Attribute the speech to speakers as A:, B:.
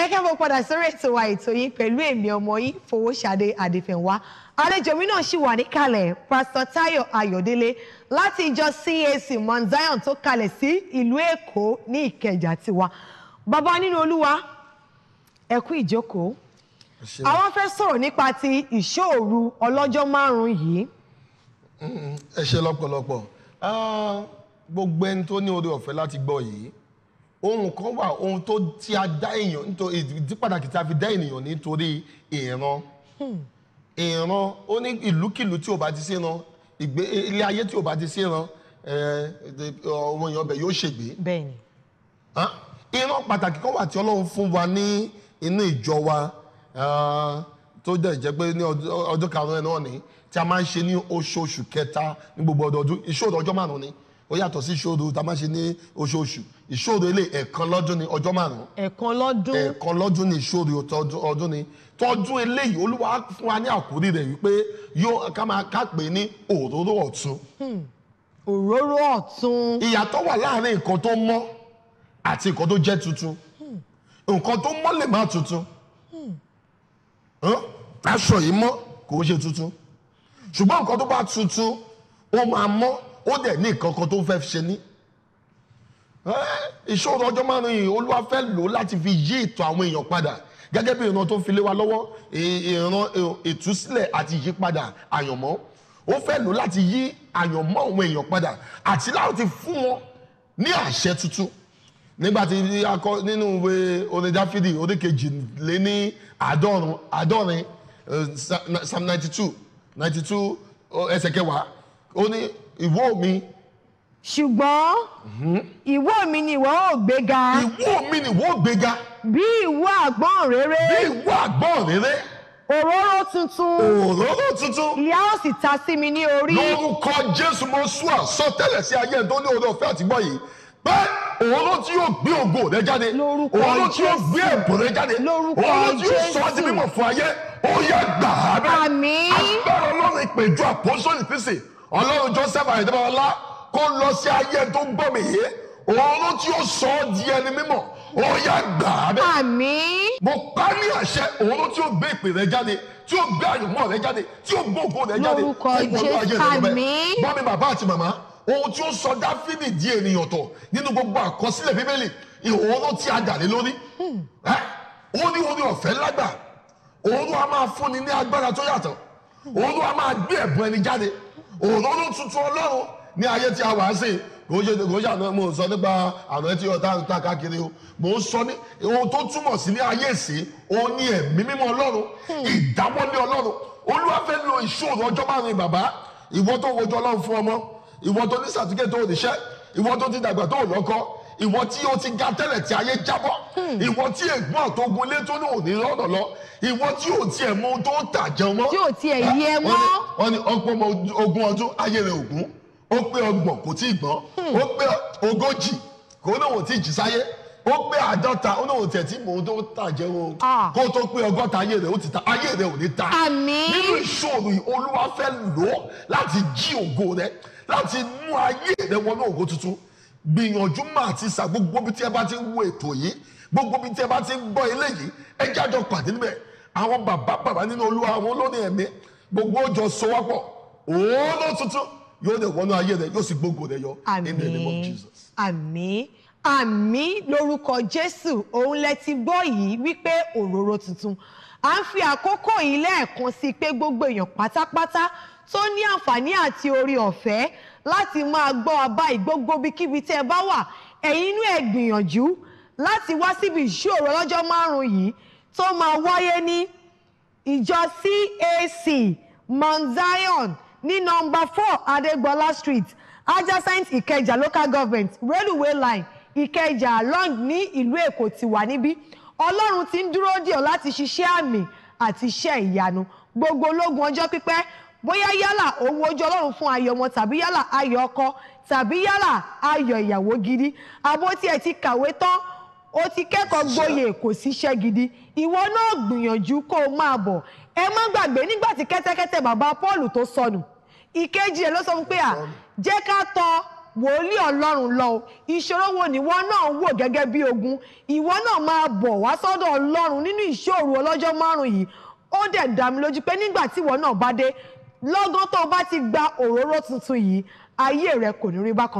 A: ẹ kẹ́ mo padà sórí ètò wa ètò yìí pẹ̀lú èmi ọmọ yìí Fowóṣadé Adéfẹ̀wá àlejò mi náà ṣì wà níkàlẹ̀ Pásítọ̀ Táyọ̀ Ayọ̀délé láti ìjọ CAC Mount Zion tó kalẹ̀ sí ìlú Èkó ní Ìkẹjà tiwa bàbá nínú Olúwa ẹ kú ìjókòó àwọn fẹ́ sọ̀rọ̀ nípa ti ìṣòru
B: ọlọ́jọ́ márùn-ún yìí. ẹ ṣe lọ́pọ̀lọpọ̀ ah, gbogbo ẹni tó ní oore ọ̀fẹ́ láti gbọ́ yìí ohun kan wà ohun tó tí a dá èèyàn nítorí ìdí pàtàkì tí a fi dá ènìyàn nítorí ìran hmm. ìran ó ní ìlúkìlú tí ò bá ti síran ìgbé ilé ayé tí ò bá ti síran ọmọ èèyàn ọbẹ̀ yóò ṣègbè. bẹ́ẹ̀ni. ìran pàtàkì kan wà tí Ọlọ́run fún wa ní inú ìjọ wa tó dẹ̀ jẹ́ pé ní ọdún karùn-ún ẹ̀ náà ni tí a máa ń ṣe ní oṣooṣù kẹta ní gbogbo ọdọọdún ìṣòro ọjọ́ márùn-ún ni ó yàtọ̀ sí ìṣòro tá a máa ṣe ní oṣooṣù ìṣòro ilé ẹ̀kan lọ́dún ni ọjọ́ márùn-ún. ẹ̀kan lọ́dún. ẹ̀kan lọ́dún ni ìṣòro ọdún ni tọ́dún eléyìí olúwa fún wa ní àkórí rẹ̀ wípé yóò ká máa ká pè ní òróró ọ̀tun. Hmm. òróró ọ̀tun. ìyàtọ̀ wà láàárín nǹkan tó mọ́ àti nǹkan tó jẹ́ tuntun hmm. nǹkan tó mọ́ lè má tuntun hmm. aṣọ yìí mọ́ kò ń ṣe tuntun ṣùgbọ́n nǹkan tó bá tuntun ó máa mọ́ ó dẹ̀ ní nǹkan kan tó fẹ́ ṣe ní. ìṣòro ọjọ́ márùn-ún yìí olúwa fẹ́ lò láti fi yí ètò àwọn èèyàn padà gẹ́gẹ́ bí ìran tó fi lé wa lọ́wọ́ ìran ìtúsílẹ̀ àti ìyípadà àyànmọ́ ó fẹ́ lò láti yí àyànmọ́ àwọn èèyàn padà àti láti fún wọn ní àṣẹ tuntun nígbàtí akọ nínú ìwé orin dáfídì orí kejì lé ní àádọ́rùn àádọ́rin psalm eh, ninety two ninety two oh, ẹsẹ̀ kẹwàá ó ní ìwọ mi. ṣùgbọ́n mhm. ìwọ mi ni ìwọ ò gbéga. ìwọ mi ni ìwọ ò gbéga. bí
A: ìwọ àgbọn rere. bí ìwọ àgbọn rere òróró tuntun. òróró tuntun. ìyà ó sì ta sí mi ní orí. lórúkọ
B: jésù mo sún àsọ tẹ́lẹ̀ sí ayé tó ní oore ọ̀fẹ́ àtìgbọ́ yìí pé òróró tí yóò gbé ògo rẹ jáde. lórúkọ jésù òróró tí yóò gbé ẹ̀bùn rẹ jáde. lórúkọ jésù òróró tí yóò sọ ọ́ di mímọ̀ fún ayé. ó yẹ gbà á bẹ́ẹ̀. agbára ọlọ́run ìpèjọ àpọ́sọ̀lì kristi ọlọ́run joseph ayọ̀dẹ́bọ̀lá kó lọ sí ayé tó gbọ́mì yé òun tí ó sọ ọ́ di ẹni mímọ́ ó yá gbà á bẹ́ẹ̀. àmín. mo pa ní àṣẹ òun tí ó gbé ìpè rẹ jáde tí ó gbé àyùmọ́ rẹ jáde tí ó gbé ògo rẹ jáde lórúkọ jésù àmín. bọ́mi bàbá àti màmá ohun tí ó sọ dáfídì di ènìyàn tọ̀ nínú gbogbo àkọsílẹ̀ bíbélì ìhòòhò ló ti àgàlè lórí ó ní orí ọ̀fẹ́ lágbà òun a máa fúnni ní agbára tó yàtọ̀ hmm. òun a máa gbé ẹ̀bùn ẹni jáde òróró tuntun ọlọ́run ní ayé tí a wà á sè kò ṣe kò ṣe àná mo sọ nípa àná tí ọ̀tá ń ta káàkiri o mo sọ ní ohun tó túmọ̀ sí ní ayé sí òun ní ẹ̀mí mímọ́ ọlọ́run hmm. ìdáwọ́lé ọlọ́run olúwa fẹ́ lo ìṣòro ọjọ́ márùn-ún bàbá ìwọ tó wojú ọlọ́run fún ọmọ ìwọ tó ní sàtúkẹ́ tó òníṣẹ́ ìwọ tó ti dàgbà tó ò lọ́kọ́ ìwọ tí o ti ga tẹ́lẹ̀ tí ayé jábọ́ hmm. ìwọ tí ègbọ́n àtògùn ilé tó ní òní lọ́dọ̀ lọ ìwọ tí o tiẹ̀ mọ ohun tó ń tà jẹun mọ́. tí o tiẹ̀ yẹ ah, mọ́. wọ́n ní ọgbọ́n ogún ọdún ayé rẹ̀ ògún ó pé ọgbọ̀n kò tí ì gbọ́n hmm. ó pé ogójì kò ní òun tí ì jí sáyé ó pé àádọ́ta ó ní òun tiẹ̀ tí mò ń tó ń tà jẹun ah. kó tó pé ọgọ́ta ayé rẹ̀ ó ti ta ayé rẹ̀ ò ní ta. àmín. nínú ìṣòro olúwa fẹ́ lò láti jí ògo rẹ̀ láti mú ayé rẹ̀ wọnú ògo tuntun gbìyànjú mà àti sà gbogbo bí tí ẹ bá ti ń wo ètò yìí gbogbo bí tí ẹ bá ti ń gbọ́ eléyìí ẹ jájọ pàdé níbẹ̀ àwọn bàbá bàbá nínú olúwa àwọn olórin ẹ̀mí gbogbo ó jọ so tuntun yóò lè wọnú ayé rẹ yóò sì gbógun rẹ yọ in the name of
A: Jesus. àmín àmín lórúkọ jésù òun lẹ ti gbọ́ yìí wípé òróró tuntun à ń fi àkókò yìí lẹ́ẹ̀kan sí pé gbogbo èèyàn pátápátá tó ní àǹfààní àti orí ọ̀fẹ́ láti máa gbọ́ abá ìgbógbó bíkíbi tẹ́ ẹ bá wà ẹ̀yin inú ẹ̀ gbìyànjú láti wá síbi ìṣòro ọlọ́jọ́ márùn-ún yìí tó máa wáyé ní ìjọ CAC Mount Zion ní nọ́mbà four Adégbọlá Street adjacent Ìkẹjà local government railway line ikeja along ní ìlú Èkó ti wà níbí ọlọ́run ti ń dúró dè ọ́ láti ṣiṣẹ́ àmì àti iṣẹ́ ìyanu gbogbo ológun ọjọ́ pípẹ́ bóyá yálà owó ojú ọlọ́run fún ayọ̀ ọmọ tàbí yálà ayọ̀ ọkọ tàbí yálà ayọ̀ ìyàwó gidi àbó tiẹ̀ ti kàwé tán o ti kẹ́kọ̀ọ́ gboyè kò síṣẹ́ gidi ìwọ náà gbìyànjú kó o máa bọ̀ ẹ má gbàgbé nígbà tí kẹ́tẹ́kẹ́tẹ́ bàbá Paul tó sọnù ìkejì ẹ̀ ló sọ fún pé à jẹ́ ká tọ wòlíì ọlọ́run lọ o ìṣòro wo nìwọ náà wò gẹ́gẹ́ bí ogun ìwọ náà máa bọ̀ wá sọ́dọ̀ ọlọ́run nínú ìṣòro ọlọ́jọ́ márùn-ún yìí ó dẹ̀ dá mi lójú pé nígbà tí ìwọ náà bá dé lọ́gán tó bá ti gba òróró tuntun yìí ayé rẹ kò ní rí bákan.